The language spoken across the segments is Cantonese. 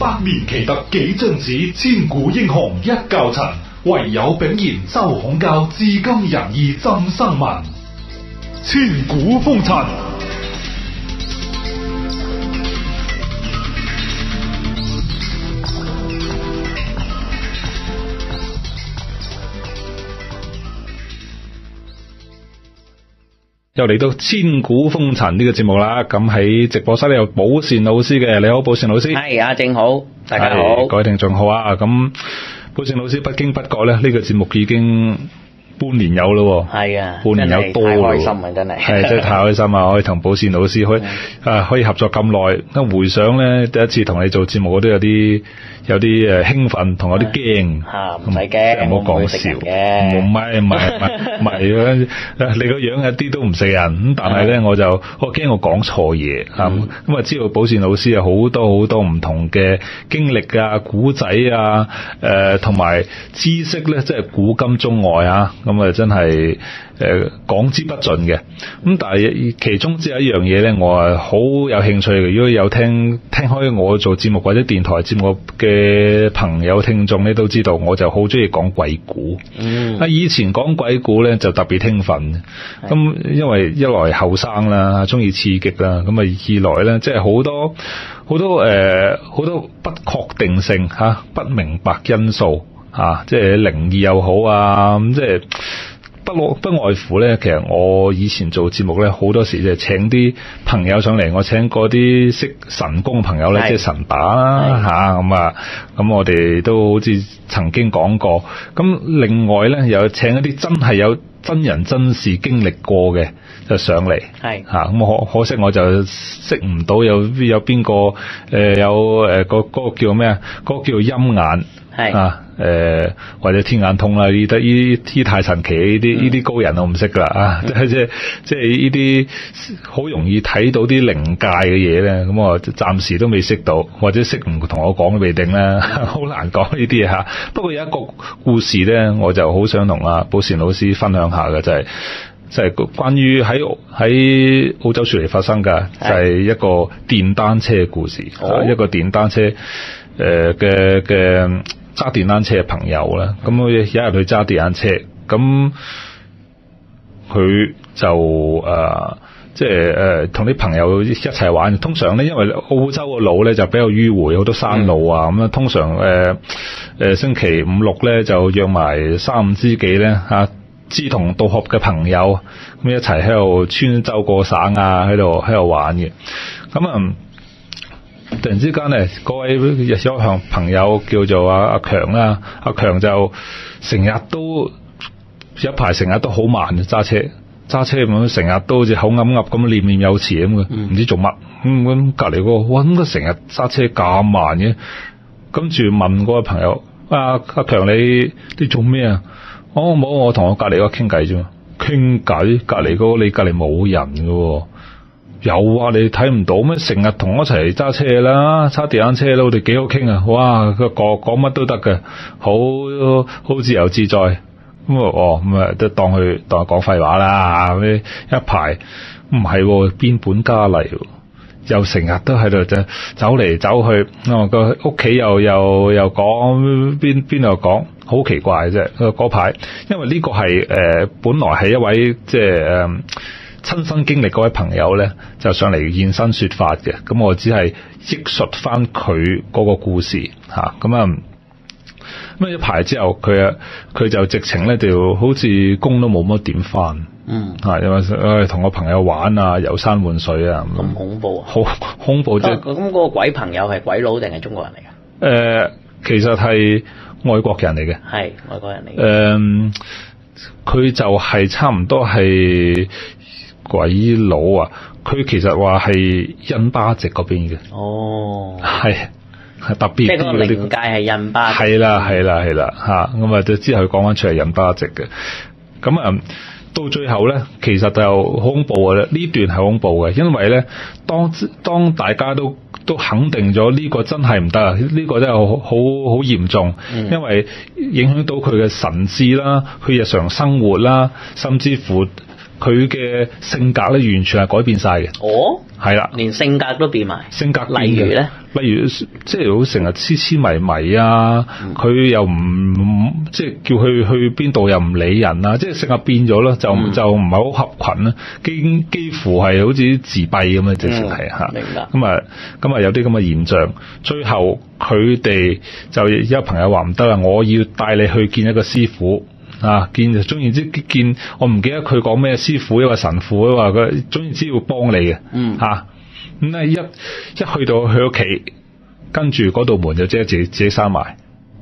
百年奇特幾張紙，千古英雄一窖塵。惟有炳然周孔教，至今仁義浸生民。千古風塵。又嚟到千古風塵呢個節目啦，咁喺直播室咧有寶善老師嘅。你好，寶善老師。係啊，正好，大家好，各位聽眾好啊，咁寶善老師不經不覺咧，呢個節目已經。半年有咯喎，係啊，半年有多咯。真係太開心啊，真係係真係太開心啊！可以同寶善老師可以啊，可以合作咁耐。一回想咧，第一次同你做節目都有啲有啲誒興奮，同有啲驚嚇，唔係驚，唔好講笑嘅，唔係唔係唔係咁，你個樣一啲都唔食人咁，但係咧我就我驚我講錯嘢啊，咁啊知道寶善老師有好多好多唔同嘅經歷啊、古仔啊、誒同埋知識咧，即係古今中外啊。咁、嗯、啊，真係誒、呃、講之不盡嘅。咁但係其中之一樣嘢咧，我係好有興趣嘅。如果有聽聽開我做節目或者電台節目嘅朋友聽眾咧，都知道我就好中意講鬼故。啊、嗯，以前講鬼故咧就特別興奮。咁、嗯、因為一來後生啦，中意刺激啦。咁啊二來咧，即係好多好多誒好、呃、多不確定性、啊、不明白因素。啊！即係靈異又好啊，咁、嗯、即係不不外乎咧。其實我以前做節目咧，好多時就係請啲朋友上嚟。我請嗰啲識神功嘅朋友咧，即係神打啦嚇咁啊。咁、嗯啊、我哋都好似曾經講過。咁另外咧，又請一啲真係有真人真事經歷過嘅就上嚟咁、啊、可可惜我就識唔到有有邊個、呃、有、呃嗰個嗰、嗰個叫咩啊？嗰、嗰個叫陰眼啊！誒、呃、或者天眼通啦，呢啲呢啲太神奇，呢啲呢啲高人我唔識噶啊，即係即係呢啲好容易睇到啲靈界嘅嘢咧。咁我暫時都未識到，或者識唔同我講都未定啦，好難講呢啲嘢嚇。不過有一個故事咧，我就好想同阿寶善老師分享下嘅，就係、是就是、關於喺喺澳洲雪梨發生㗎，就係、是、一個電單車嘅故事，嗯、一個電單車嘅嘅。呃揸電單車嘅朋友咧，咁佢有日去揸電單車，咁佢就誒，即係誒同啲朋友一齊玩。通常咧，因為澳洲嘅路咧就比較迂迴，好多山路啊，咁、嗯、啊，通常誒誒、呃、星期五六咧就約埋三五之幾呢、啊、知己咧嚇，志同道合嘅朋友咁一齊喺度穿州過省啊，喺度喺度玩嘅，咁啊～突然之間咧，嗰位有一同行朋友叫做阿阿強啊。阿強就成日都一排成日都好慢嘅揸車，揸車咁成日都好似口噏噏咁，念念有詞咁嘅，唔知做乜。咁咁隔離嗰個，哇！咁佢成日揸車咁慢嘅，跟住問嗰個朋友：阿阿、啊啊、強，你你做咩啊？我好？我同我隔離嗰個傾偈啫，傾偈。隔離嗰個你隔離冇人嘅喎、哦。有啊，你睇唔到咩？成日同我一齊揸車啦，揸電單車啦，我哋幾好傾啊！哇，佢講講講乜都得嘅，好好自由自在。咁、嗯、啊哦，咁啊都當佢當講廢話啦。咁一排唔係，變、啊、本加厲，又成日都喺度走嚟走去。屋、嗯、企又又又講邊邊度講，好奇怪啫。佢嗰排，因為呢個係、呃、本來係一位即係、呃親身經歷嗰位朋友咧，就上嚟現身說法嘅。咁我只係憶述翻佢嗰個故事嚇。咁啊，咁、嗯、一排之後，佢啊佢就直情咧，就好似公都冇乜點翻。嗯。因為同個朋友玩啊，遊山玩水啊。咁、嗯、恐怖啊！好恐怖、就是！即係咁嗰個鬼朋友係鬼佬定係中國人嚟㗎、呃？其實係外國人嚟嘅。係外國人嚟嘅。誒，佢就係差唔多係。鬼佬啊！佢其實話係印巴籍嗰邊嘅。哦，係係特別。即、這、係個靈界係印巴。係啦係啦係啦嚇！咁啊、嗯，之後佢講翻出嚟印巴籍嘅。咁、嗯、啊，到最後咧，其實就好恐怖啦！呢段係恐怖嘅，因為咧，當當大家都都肯定咗呢個真係唔得啊，呢、呢個真係好好好嚴重，因為影響到佢嘅神智啦，佢日常生活啦，甚至乎。佢嘅性格咧，完全係改變晒嘅。哦，係啦，連性格都變埋。性格例如咧，例如，呢例如即係好成日黐黐迷迷啊，佢、嗯、又唔即係叫佢去邊度又唔理人呀。即係性格變咗啦，就就唔係好合群啦，基、嗯、幾乎係好似自閉咁樣，直情係吓。明白。咁啊咁啊，有啲咁嘅現象，最後佢哋就有朋友話唔得啦，我要帶你去見一個師傅。啊！見就總言之見，我唔記得佢講咩師傅，因為神父啊話佢總言之會幫你嘅。嗯。嚇咁啊！一一去到佢屋企，跟住嗰道門就即刻自己自己閂埋。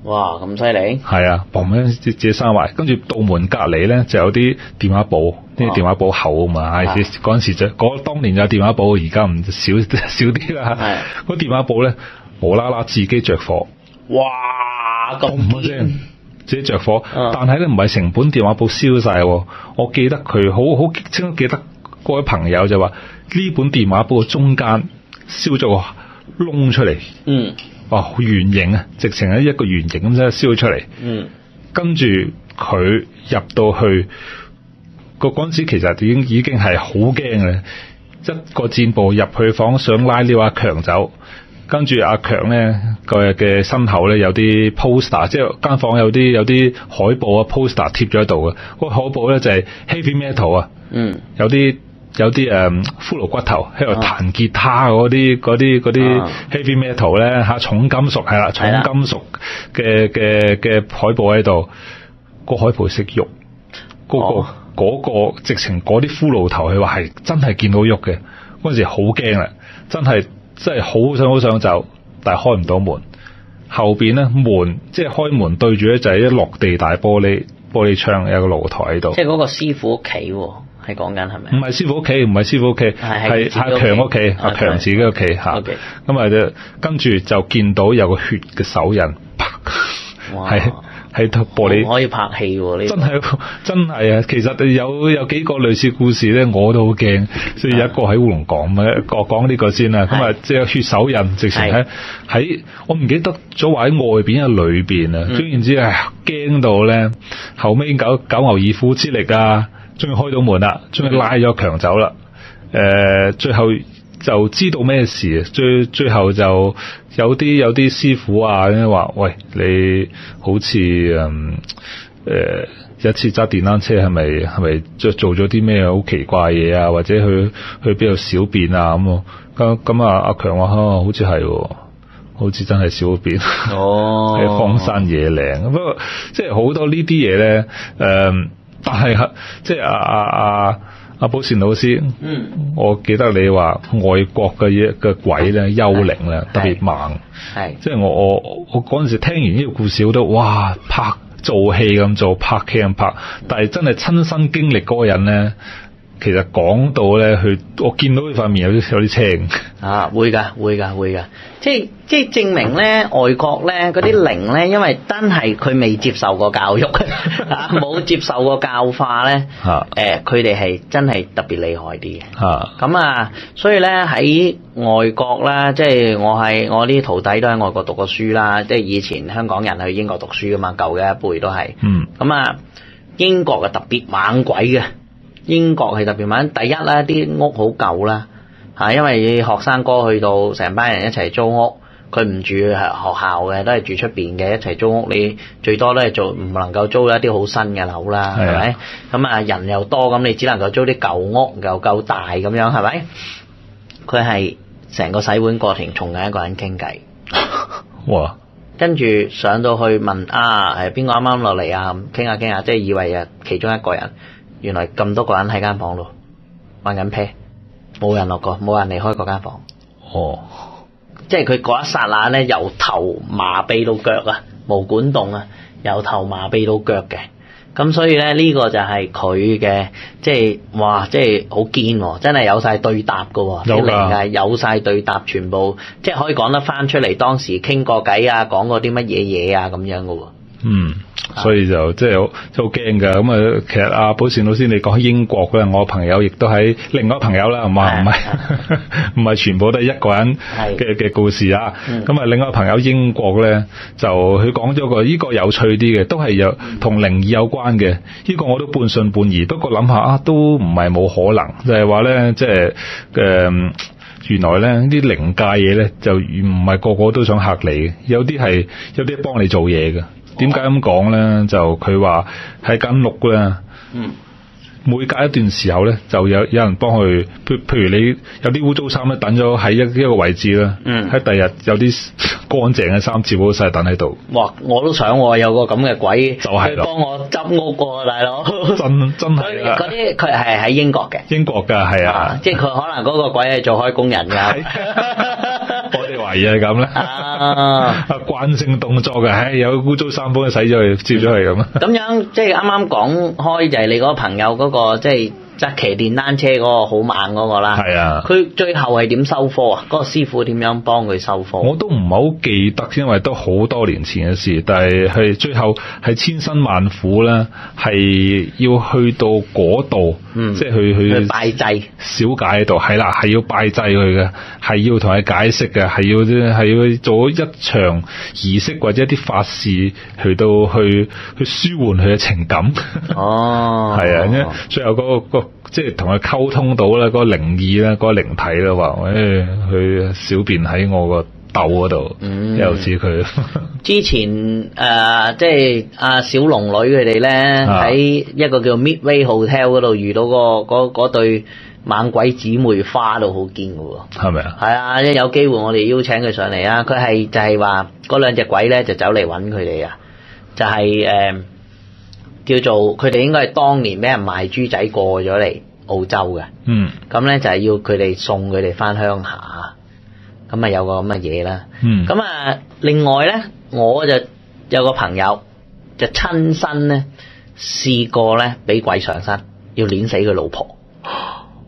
嘩，咁犀利。係啊！砰！咁樣自己閂埋，跟住道門隔離呢就有啲電話簿，啲、啊、電話簿厚啊嘛。嗰、啊、陣時就嗰當年有電話簿，而家唔少少啲啦。係。嗰電話簿呢，無啦啦自己着火。嘩，咁犀利。啊自己着火，但係咧唔係成本電話簿燒晒喎。我記得佢好好，即刻記得嗰位朋友就話：呢本電話簿嘅中間燒咗個窿出嚟。嗯，哇、哦，圓形啊，直情係一個圓形咁樣燒出嚟。嗯，跟住佢入到去個嗰陣時，其實已經已經係好驚嘅，一個箭步入去房想拉呢阿強走。跟住阿強咧，個日嘅身後咧有啲 poster，即係間房有啲有啲海報啊 poster 貼咗喺度嘅。嗰海報咧就係、是、heavy metal 啊，嗯、有啲有啲誒、嗯、骷髏骨頭喺度彈吉他嗰啲嗰啲嗰啲 heavy metal 咧，嚇重金屬，係啦，重金屬嘅嘅嘅海報喺度，個海報識喐嗰個嗰，哦嗰個直情嗰啲骷髏頭，佢話係真係見到喐嘅嗰陣時好驚啊，真係。即係好想好想走，但係開唔到門。後面咧門，即係開門對住咧就係一落地大玻璃玻璃窗，有一個露台喺度。即係嗰個師傅屋企喎，係講緊係咪？唔係師傅屋企，唔係師傅屋企，係阿強屋企，阿、啊、強自己屋企吓，咁咪就跟住就見到有個血嘅手印，啪，係。哇係突破你，可以拍戲喎、哦，這個！真係，真係啊！其實有，有幾個類似故事呢，我都好驚。所以有一個喺烏龍講嘅、啊，講呢個先啦。咁啊，即係血手印，直情喺喺我唔記得咗話喺外面啊，裏面啊。總言之係驚到呢，後尾已經九,九牛二虎之力啊，終於開到門啦，終於拉咗強走啦、啊。最後。就知道咩事，最最後就有啲有啲師傅啊，咁話：喂，你好似誒誒一次揸電單車係咪係咪即做咗啲咩好奇怪嘢啊？或者去去邊度小便啊？咁啊咁咁啊阿強話、哦：好似係、哦，好似真係小便。哦， 喺荒山野嶺。不過即係好多呢啲嘢咧，誒、呃，但係即係啊啊啊！啊阿寶善老師，嗯，我記得你話外國嘅嘢嘅鬼咧，幽靈咧，特別猛，係，即係我我我嗰陣時聽完呢個故事，都哇，拍做戲咁做，拍戲咁拍，但係真係親身經歷嗰個人咧。其實講到咧，佢我見到佢塊面有啲有啲青啊，會㗎會㗎會㗎，即係即係證明咧，外國咧嗰啲靈咧，因為真係佢未接受過教育，冇接受過教化咧，誒，佢哋係真係特別厲害啲嘅。嚇咁啊，所以咧喺外國啦，即係我係我啲徒弟都喺外國讀過書啦，即係以前香港人去英國讀書㗎嘛，舊嘅一輩都係嗯咁啊，英國啊特別猛鬼嘅。英國係特別猛。第一呢啲屋好舊啦，嚇，因為學生哥去到成班人一齊租屋，佢唔住學校嘅，都係住出面嘅一齊租屋。你最多都係做唔能夠租一啲好新嘅樓啦，係咪？咁啊人又多，咁你只能夠租啲舊屋又夠大咁樣，係咪？佢係成個洗碗過程，同緊一個人傾偈。哇！跟住上到去問啊，係邊個啱啱落嚟啊？傾下傾下，即係以為啊其中一個人。原來咁多個人喺間房度玩緊啤，冇人落過，冇人離開嗰間房。哦，即係佢嗰一剎那咧，由頭麻痹到腳啊，毛管動啊，由頭麻痹到腳嘅。咁所以咧，呢、這個就係佢嘅，即係哇，即係好堅喎，真係有曬對答㗎喎，有啊，有嚟㗎，有曬對答，全部即係可以講得翻出嚟當時傾過偈啊，講過啲乜嘢嘢啊咁樣㗎喎。嗯，所以就即係好好驚噶，咁啊，其實阿、啊、寶善老師你講英國啦，我朋友亦都喺另外一個朋友啦，係嘛，唔係唔係全部都係一個人嘅嘅故事啊，咁啊、嗯，另外一個朋友英國咧就佢講咗個呢、這個有趣啲嘅，都係有同靈異有關嘅，呢、這個我都半信半疑，不過諗下啊，都唔係冇可能，就係話咧即係誒、呃，原來咧啲靈界嘢咧就唔係個個都想嚇你嘅，有啲係有啲幫你做嘢嘅。點解咁講咧？就佢話喺間屋咧，每隔一段時候咧，就有有人幫佢。譬譬如你有啲污糟衫咧，等咗喺一一個位置咧，喺、嗯、第日有啲乾淨嘅衫接好晒等喺度。哇！我都想我有個咁嘅鬼，佢、就是、幫我執屋過，大佬。真真係嗰啲佢係喺英國嘅。英國㗎係啊。即係佢可能嗰個鬼係做開工人㗎。 我哋懷疑係咁啦，啊慣、啊、 性動作嘅，唉、啊哎、有污糟衫幫佢洗咗去，接咗去咁啊、嗯。咁、嗯、樣即係啱啱講開，就係、是就是、你嗰個朋友嗰、嗰個即係。就是就騎電單車嗰、那個好猛嗰、那個啦，佢、啊、最後係點收科啊？嗰、那個師傅點樣幫佢收科？我都唔係好記得，因為都好多年前嘅事。但係係最後係千辛萬苦咧，係要去到嗰度、嗯，即係去去，去拜祭小解喺度。係啦，係要拜祭佢嘅，係要同佢解釋嘅，係要係要做一場儀式或者一啲法事去到去去舒緩佢嘅情感。哦，係 啊，最後嗰、那個。即係同佢溝通到啦，嗰個靈異咧，嗰、嗰個靈體咧話：，佢、哎、小便喺我個竇嗰度，又似佢。 之前誒，即係阿小龍女佢哋咧，喺、啊、一個叫 Midway Hotel 嗰度遇到個嗰對猛鬼姊妹花都很的，都好堅嘅喎。係咪啊？係啊，一有機會我哋邀請佢上嚟啊！佢係就係話嗰兩隻鬼咧，就走嚟揾佢哋啊！就係、是、誒。呃叫做佢哋應該係當年俾人賣豬仔過咗嚟澳洲嘅，咁、嗯、咧就係要佢哋送佢哋翻鄉下，咁啊有個咁嘅嘢啦。咁啊，另外咧，我就有個朋友就親身咧試過咧，俾鬼上身要攆死佢老婆。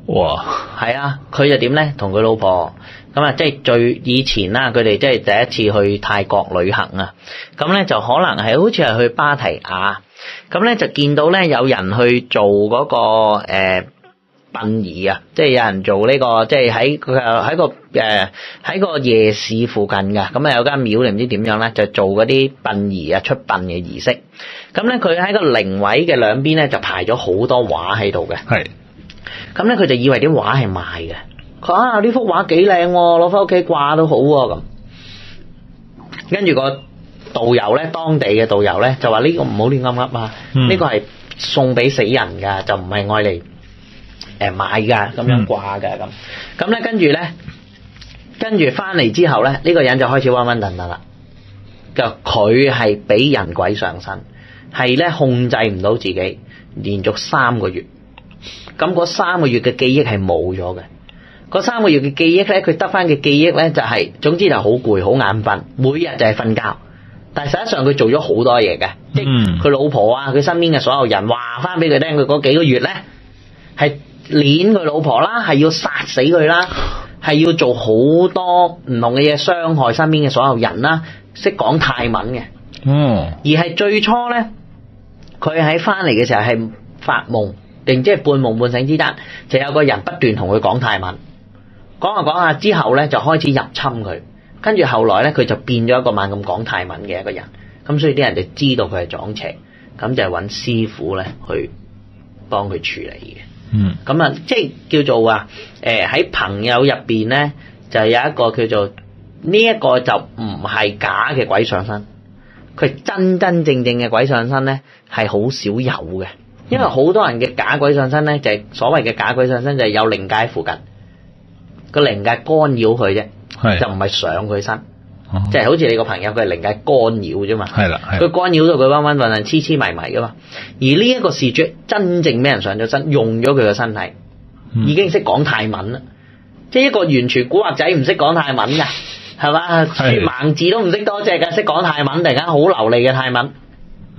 哇！係啊，佢就點咧？同佢老婆咁啊，即係最以前啦，佢哋即係第一次去泰國旅行啊。咁咧就可能係好似係去芭提雅。咁咧就見到咧有人去做嗰個誒殯儀啊，即係有人做呢個，即係喺佢喺個誒喺個夜市附近噶，咁啊有間廟定唔知點樣咧，就做嗰啲殯儀啊出殯嘅儀式。咁咧佢喺個靈位嘅兩邊咧就排咗好多畫喺度嘅。係。咁咧佢就以為啲畫係賣嘅，佢啊呢幅畫幾靚，攞翻屋企掛都好咁。跟住個。導遊咧，當地嘅導遊咧就話：呢個唔好亂噏噏啊！呢個係送俾死人㗎，就唔係愛嚟誒買㗎咁樣掛㗎咁。咁咧跟住咧，跟住翻嚟之後咧，呢個人就開始暈暈頓頓啦。就佢係俾人鬼上身，係咧控制唔到自己，連續三個月。咁嗰三個月嘅記憶係冇咗嘅。嗰三個月嘅記憶咧，佢得翻嘅記憶咧就係總之就好攰好眼瞓，每日就係瞓覺。但係實際上佢做咗好多嘢嘅，即係佢老婆啊，佢身邊嘅所有人話翻俾佢聽，佢嗰幾個月咧係攆佢老婆啦，係要殺死佢啦，係要做好多唔同嘅嘢傷害身邊嘅所有人啦。識講泰文嘅，嗯，而係最初咧，佢喺翻嚟嘅時候係發夢，定即係半夢半醒之間，就有個人不斷同佢講泰文，講下講下之後咧就開始入侵佢。跟住後來咧，佢就變咗一個猛咁講泰文嘅一個人，咁所以啲人就知道佢係撞邪，咁就係揾師傅咧去幫佢處理嘅。嗯，咁啊，即係叫做話，喺、呃、朋友入面咧，就有一個叫做呢一、這個就唔係假嘅鬼上身，佢真真正正嘅鬼上身咧係好少有嘅，因為好多人嘅假鬼上身咧就係所謂嘅假鬼上身就係、是、有靈界附近個靈界干擾佢啫。 就唔係上佢身上，即、就、係、是、好似你個朋友，佢係靈界干擾啫嘛。係啦，佢干擾到佢彎彎揾揾、痴痴迷迷噶嘛。而呢一個事主，真正畀人上咗身，用咗佢個身體，已經識講泰文啦。即、嗯、係、 就是、一個完全古惑仔唔識講泰文㗎，係嘛？ 盲字都唔識多隻㗎，識講泰文，突然間好流利嘅泰文。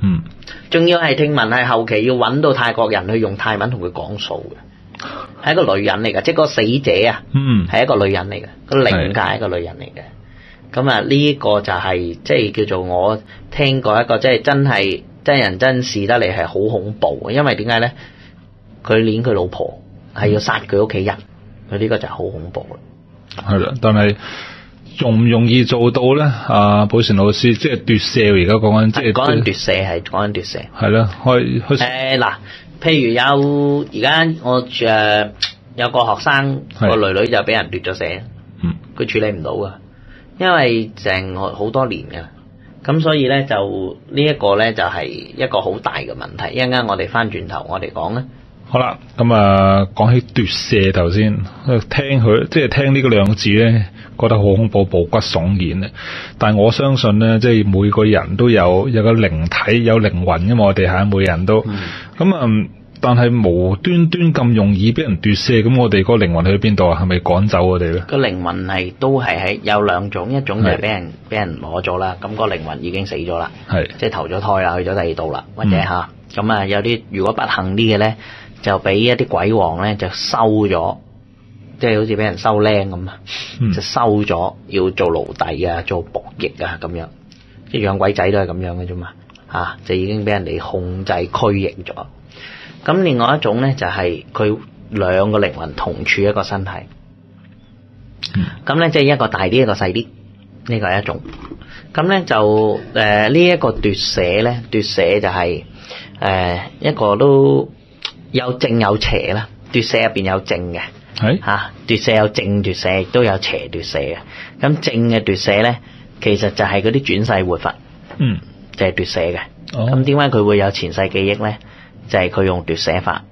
嗯。仲要係聽聞係後期要揾到泰國人去用泰文同佢講數嘅。係一個女人嚟噶即係個死者啊，係一個女人嚟噶個、嗯、靈界係一個女人嚟嘅。咁啊，呢個就係、是、即係叫做我聽過一個，即係真係真人真事得嚟，係好恐怖嘅。因為點解咧？佢攆佢老婆，係要殺佢屋企人。佢、嗯、呢個就好恐怖的。係啦，但係容唔容易做到咧？啊，寶善老師即係奪舍，即係奪舍而家講緊，即係講緊奪舍，係講緊奪舍。係、那、啦、個，開開。嗱。譬如，有而家我有個學生，我女女就俾人奪咗舍，佢、嗯、處理唔到噶，因為成咗好多年噶啦，咁所以咧就呢、這個、一個咧就係一個好大嘅問題。一陣間我哋翻轉頭，我哋講咧。好啦，咁、嗯、啊，講起奪舍頭先，聽佢即係聽呢個兩個字咧，覺得好恐怖、毛骨悚然咧。但係我相信咧，即係每個人都有有個靈體、有靈魂噶嘛，我哋下每人都咁啊、嗯嗯。但係無端端咁容易俾人奪舍，咁我哋個靈魂去邊度啊？係咪趕走我哋咧？個靈魂係都係喺有兩種，一種就係俾人俾人攞咗啦，咁、個靈魂已經死咗啦，即係投咗胎啦，去咗第二度啦，或者下？咁、嗯、啊。有啲如果不幸啲嘅咧。就俾一啲鬼王咧，就收咗，即係好似俾人收僆咁啊！嗯、就收咗，要做奴隸啊，做僕役啊，咁樣，即係養鬼仔都係咁樣嘅啫嘛！嚇、啊，就已經俾人哋控制拘役咗。咁另外一種咧，就係佢兩個靈魂同處一個身體。咁咧，即係一個大啲，一個細啲，呢、這個係一種。咁咧就誒、呃這個、呢一個奪舍咧，奪舍就係、是、誒、呃、一個都。有正有邪啦，奪舍入邊有正嘅，吓奪舍有正奪舍，亦都有邪奪舍嘅。咁正嘅奪舍咧，其實就係嗰啲轉世活佛，嗯就是奪捨的，就係奪舍嘅。咁點解佢會有前世記憶咧？就係、是、佢用奪舍法。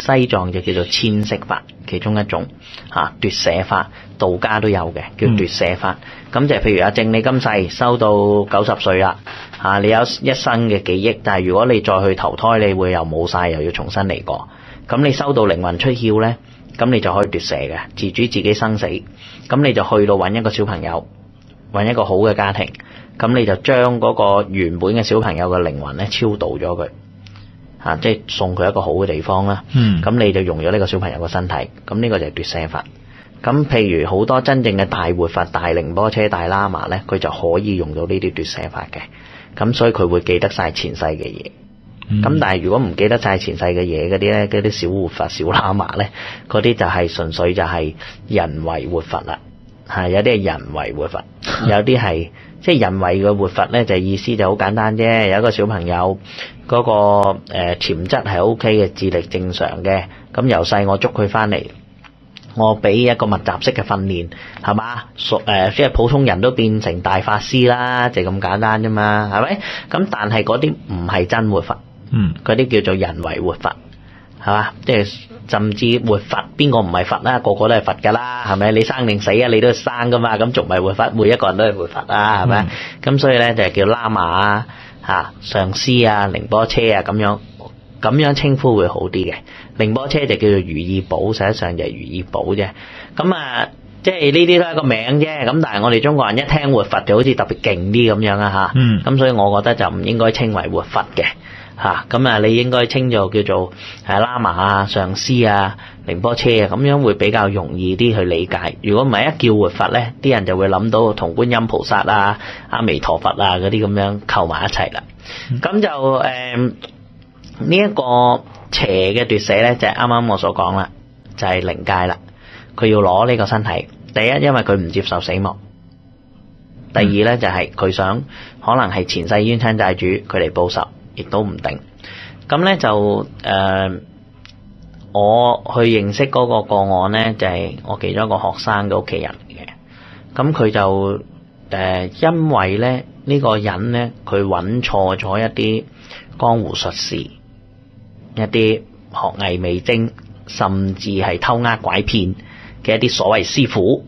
西藏就叫做千色法，其中一種嚇奪舍法，道家都有嘅，叫奪舍法。咁就係譬如阿正，你今世收到九十歲啦，嚇你有一生嘅記憶，但係如果你再去投胎，你會又冇曬，又要重新嚟過。咁你收到靈魂出竅咧，咁你就可以奪舍嘅，自主自己生死。咁你就去到揾一個小朋友，揾一個好嘅家庭，咁你就將嗰個原本嘅小朋友嘅靈魂咧超度咗佢。啊！即係送佢一個好嘅地方啦。嗯。咁你就用咗呢個小朋友個身體，咁呢個就係奪舍法。咁譬如好多真正嘅大活佛、大靈波車、大喇嘛咧，佢就可以用到呢啲奪舍法嘅。咁所以佢會記得晒前世嘅嘢。咁、嗯、但係如果唔記得晒前世嘅嘢嗰啲咧，嗰啲小活佛、小喇嘛咧，嗰啲就係純粹就係人為活佛啦。係，有啲係人為活佛，有啲係、嗯。即係人為嘅活佛咧，就意思就好簡單啫。有一個小朋友嗰個誒潛質係 O K 嘅，智力正常嘅。咁由細我捉佢翻嚟，我俾一個密集式嘅訓練，係嘛？熟誒，即係普通人都變成大法師啦，就係咁簡單啫嘛，係咪？咁但係嗰啲唔係真活佛，嗯，嗰啲叫做人為活佛，係嘛？即係。甚至活佛，邊個唔係佛啦？個個都係佛噶啦，係咪？你生定死啊？你都係生噶嘛？咁仲咪活佛？每一個人都係活佛啦，係咪？咁、嗯、所以咧就係叫喇嘛啊、哈上師啊、寧波車啊咁樣，咁樣稱呼會好啲嘅。寧波車就叫做如意寶，實際上就係如意寶啫。咁啊，即係呢啲都係個名啫。咁但係我哋中國人一聽活佛就好似特別勁啲咁樣啊，嚇。咁所以我覺得就唔應該稱為活佛嘅。嚇咁啊！你應該稱做叫做係喇嘛啊、上師啊、仁波切啊，咁樣會比較容易啲去理解。如果唔係一叫活佛咧，啲人就會諗到同觀音菩薩啊、阿彌陀佛啊嗰啲咁樣扣埋一齊啦。咁、嗯、就誒呢一個邪嘅奪舍咧，就係啱啱我所講啦，就係、是、靈界啦。佢要攞呢個身體，第一因為佢唔接受死亡，第二咧、嗯、就係、是、佢想可能係前世冤親債主佢嚟報仇。亦都唔定，咁咧就誒、呃，我去認識嗰個個案咧，就係、是、我其中一個學生嘅屋企人嘅，咁佢就誒、呃，因為咧呢、這個人咧，佢揾錯咗一啲江湖術士，一啲學藝未精，甚至係偷呃拐騙嘅一啲所謂師傅，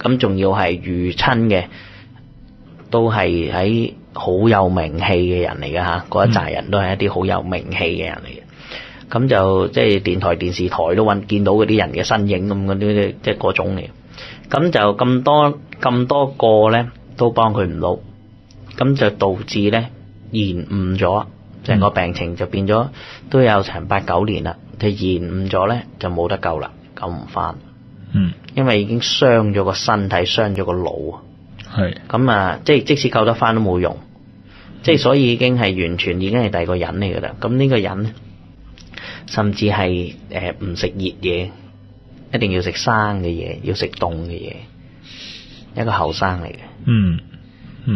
咁仲要係遇親嘅，都係喺，好有名氣嘅人嚟嘅嚇，嗰一紮人都係一啲好有名氣嘅人嚟嘅，咁就即係電台、電視台都搵見到嗰啲人嘅身影咁，嗰啲即係嗰種嚟。咁就咁多咁多個咧都幫佢唔到，咁就導致咧延誤咗，即係個病情就變咗都有成八九年啦，就延誤咗咧就冇得救啦，救唔返。嗯，因為已經傷咗個身體，傷咗個腦啊。係咁啊！即係即使救得翻都冇用，嗯、即係所以已經係完全已經係第二個人嚟噶啦。咁呢個人咧，甚至係誒唔食熱嘢，一定要食生嘅嘢，要食凍嘅嘢，一個後生嚟嘅。嗯，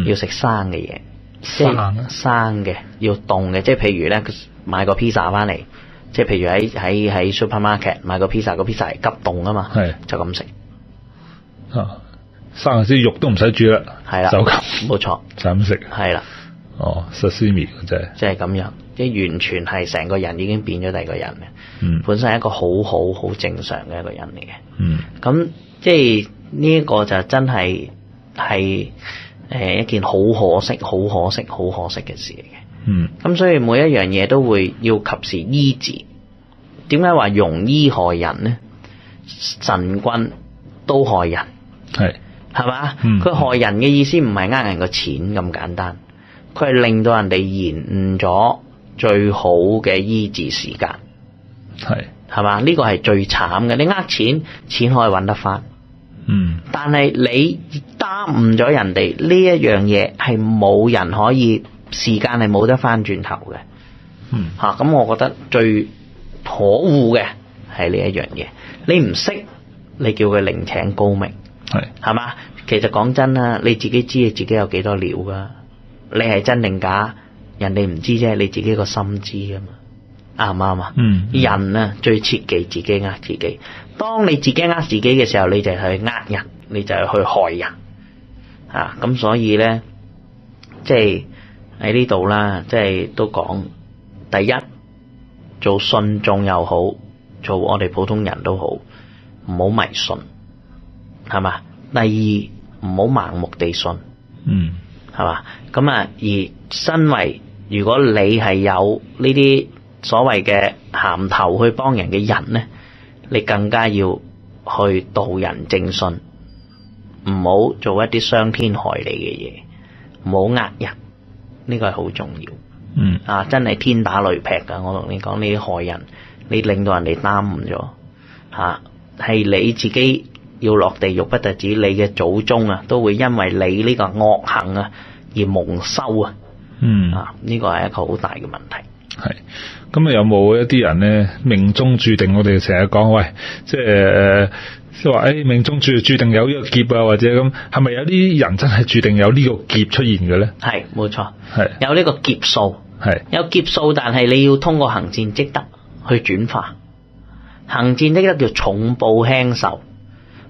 要食生嘅嘢，生生嘅要凍嘅，即係譬如咧買個披薩翻嚟，即係譬如喺喺喺 supermarket 買個披薩，個披薩係急凍啊嘛，係就咁食啊。生下啲肉都唔使煮啦，係啦，冇錯，就咁食，係啦，哦，壽司麪真係，即係咁樣，即係完全係成個人已經變咗第二個人嘅，嗯，本身係一個好好好正常嘅一個人嚟嘅，嗯，咁即係呢一個就真係係誒一件好可惜、好可惜、好可惜嘅事嚟嘅，嗯，咁所以每一樣嘢都會要及時醫治，點解話庸醫害人咧？神棍都害人，係。係嘛？佢、嗯、害人嘅意思唔係呃人個錢咁簡單，佢係令到人哋延誤咗最好嘅醫治時間。係，係嘛？呢個係最慘嘅。你呃錢，錢可以搵得翻。嗯。但係你耽誤咗人哋呢一樣嘢，係冇人可以時間係冇得翻轉頭嘅。嗯。吓、啊、咁，我覺得最可惡嘅係呢一樣嘢。你唔識，你叫佢另請高明。係，係嘛？其實講真啦，你自己知自己有幾多料噶，你係真定假，人哋唔知啫，你自己個心知噶嘛，啱唔啱啊？嗯，人啊最切忌自己呃自己，當你自己呃自己嘅時候，你就係去呃人，你就係去害人，啊，咁所以咧，即係喺呢度啦，即係都講，第一做信眾又好，做我哋普通人都好，唔好迷信。係嘛？第二唔好盲目地信，嗯，係嘛？咁啊，而身為如果你係有呢啲所謂嘅銜頭去幫人嘅人呢，你更加要去導人正信，唔好做一啲傷天害理嘅嘢，唔好呃人。呢個係好重要，嗯啊，真係天打雷劈噶。我同你講，呢啲害人，你令到人哋耽誤咗，吓、啊、係你自己。要落地獄，不得止，你嘅祖宗啊，都會因為你呢個惡行啊而蒙羞、嗯、啊。嗯啊，呢個係一個好大嘅問題。係咁啊，有冇一啲人咧命中注定？我哋成日講喂，即係誒即係話誒，命中注注定有呢個劫啊，或者咁係咪有啲人真係注定有呢個劫出現嘅咧？係冇錯，係有呢個劫數，係有劫數，但係你要通過行善積德去轉化，行善積德叫重報輕受。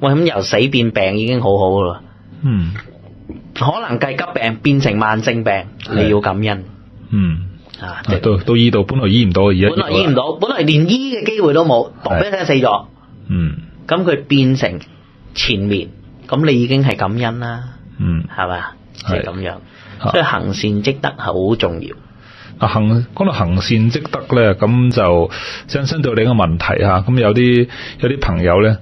我諗由死變病已經好好啦。嗯，可能計急病變成慢性病，你要感恩。嗯，啊，到到醫到本來醫唔到而家。本來醫唔到，本來連醫嘅機會都冇，搏一聲死咗。嗯。咁佢變成前面，咁你已經係感恩啦。嗯。係咪？係咁樣，所以行善積德好重要。啊，行講到行善積德咧，咁就引申到你個問題吓，咁有啲有啲朋友咧。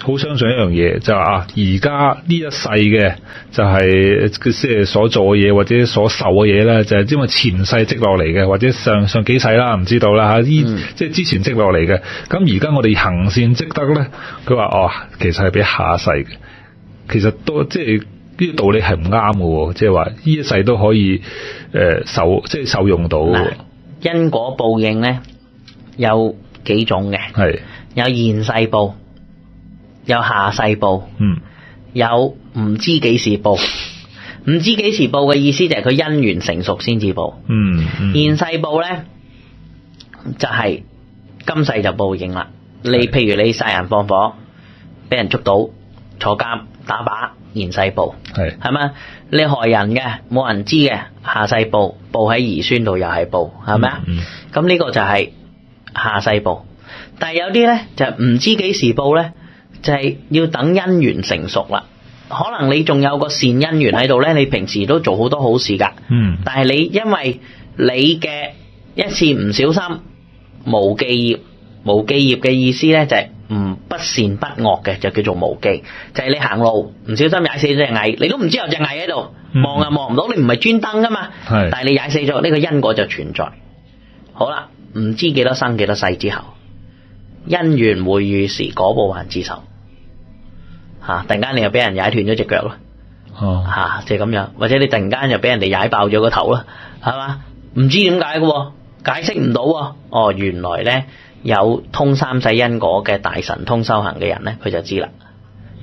好相信一樣嘢，就係、是、啊，而家呢一世嘅就係佢先所做嘅嘢，或者所受嘅嘢咧，就係、是、因為前世積落嚟嘅，或者上上幾世啦，唔知道啦嚇，即係之前積落嚟嘅，咁而家我哋行善積德咧，佢話哦，其實係俾下一世嘅。其實都即係呢啲道理係唔啱喎，即係話呢一世都可以誒受即係受用到因果報應咧，有幾種嘅，有現世報。有下世報，嗯、有唔知幾時報。唔知幾時報嘅意思就係佢因緣成熟先至報。嗯嗯，現世報咧就係、是、今世就報應啦。你譬如你殺人放火，俾人捉到坐監打靶，現世報係係咪？你害人嘅冇人知嘅，下世報，報喺兒孫度又係報，係咪啊？咁呢、嗯嗯，個就係下世報，但係有啲咧就唔知幾時報咧。就係要等因緣成熟啦，可能你仲有個善因緣喺度咧，你平時都做好多好事噶，但係你因為你嘅一次唔小心，無記業，無記業嘅意思咧就係唔不善不惡嘅，就叫做無記，就係你行路唔小心踩死隻蟻，你都唔知有隻蟻喺度，望啊望唔到，你唔係專登噶嘛，但係你踩死咗，呢個因果就存在。好啦，唔知幾多生幾多世之後，因緣會遇時，果報還自受。啊！突然間你又俾人踩斷咗隻腳咯，吓、啊啊，就咁樣，或者你突然間又俾人哋踩爆咗個頭咯，係嘛？唔知點解嘅，解釋唔到喎。哦，原來咧有通三世因果嘅大神通修行嘅人咧，佢就知啦。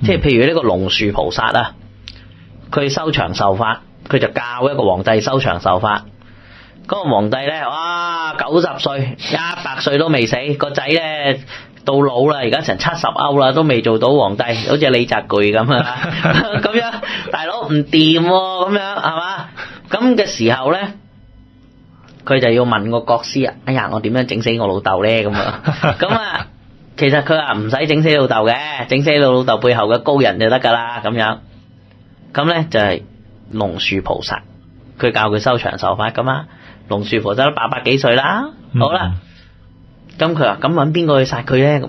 即係，嗯，譬如呢個龍樹菩薩啊，佢修長壽法，佢就教一個皇帝修長壽法。嗰個皇帝咧，哇，九十歲、一百歲都未死，個仔咧。到老啦，而家成七十歐啦，都未做到皇帝，好似李澤钜咁啊，咁樣，大佬唔掂喎，咁樣係嘛？咁嘅時候咧，佢就要問個國師啊，哎呀，我點樣整死我老豆咧？咁啊，咁啊，其實佢話唔使整死老豆嘅，整死老豆背後嘅高人就得噶啦，咁樣，咁咧就係龍樹菩薩，佢教佢修長壽法咁啊，龍樹菩薩都八百幾歲啦，好啦。咁佢話咁揾邊個去殺佢呢？咁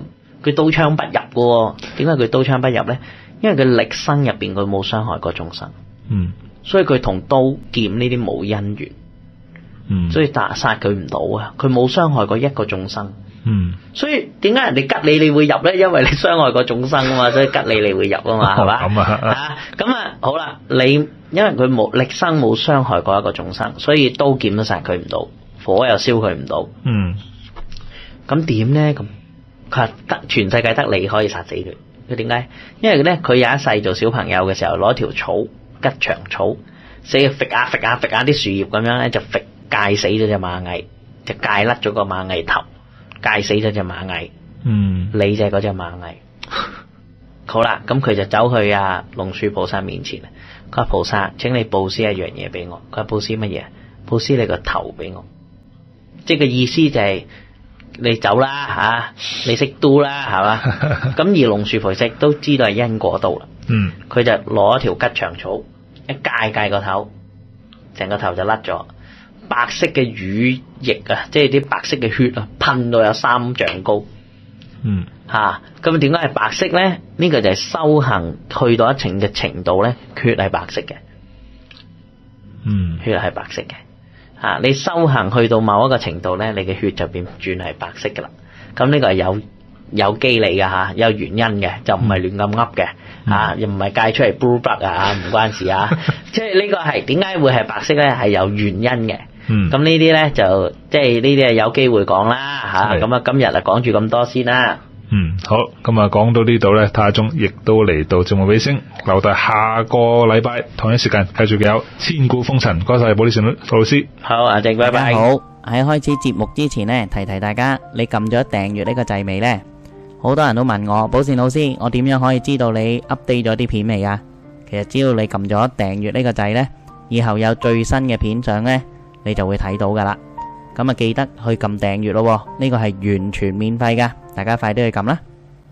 佢刀槍不入嘅，點解佢刀槍不入呢？因為佢力生入面佢冇傷害過眾生，嗯，所以佢同刀劍呢啲冇因緣，嗯，所以打殺佢唔到啊！佢冇傷害過一個眾生，嗯，所以點解人哋吉你你會入呢？因為你傷害過眾生啊嘛，所以吉你你會入啊嘛，係嘛？咁啊吓，咁啊好啦，你因為佢冇力生冇傷害過一個眾生，所以刀劍都殺佢唔到，火又燒佢唔到，嗯。咁點咧？咁佢話得全世界得你可以殺死佢。佢點解？因為咧，佢有一世做小朋友嘅時候，攞條草吉祥草，死去揈下揈下揈下啲樹葉咁樣咧，就揈戒死咗隻螞蟻，就戒甩咗個螞蟻頭，戒死咗隻螞蟻。嗯，你就係嗰隻螞蟻。 好啦，咁佢就走去呀、啊、龍樹菩薩面前，佢話菩薩，請你佈施一樣嘢俾我。佢話佈施乜嘢？佈施你個頭俾我。即係個意思就係、是。你走啦嚇，你識都啦係嘛？咁 而龍樹菩提都知道係因果到啦。嗯，佢就攞一條吉祥草，一戒戒個頭，成個頭就甩咗。白色嘅乳液啊，即係啲白色嘅血啊，噴到有三丈高。嗯、啊，咁點解係白色咧？呢、呢個就係修行去到一程嘅程度咧，血係白色嘅。嗯，血係白色嘅。啊、你修行去到某一個程度咧，你嘅血就變轉係白色噶啦。咁呢個係有有機理㗎嚇，有原因嘅，就唔係亂咁噏嘅。嚇、又唔係戒出嚟 blue blood 啊！唔關事啊，即係呢個係點解會係白色咧？係有原因嘅。咁、嗯、呢啲咧就即係呢啲係有機會講啦。嚇、啊，咁啊今日啊講住咁多先啦。嗯，好，咁啊，講到呢度呢，泰中亦都嚟到節目尾聲，留待下個禮拜同一時間繼續有千古風塵。多謝寶善老師。好，阿鄭，拜拜。好，喺開始節目之前呢，提提大家，你撳咗訂閱呢個掣未呢？好多人都問我，寶善老師，我點樣可以知道你 update 咗啲片未啊？其實只要你撳咗訂閱呢個掣呢，以後有最新嘅片相呢，你就會睇到噶啦。咁咪記得去撳訂閱咯，呢個係完全免費㗎，大家快啲去撳啦！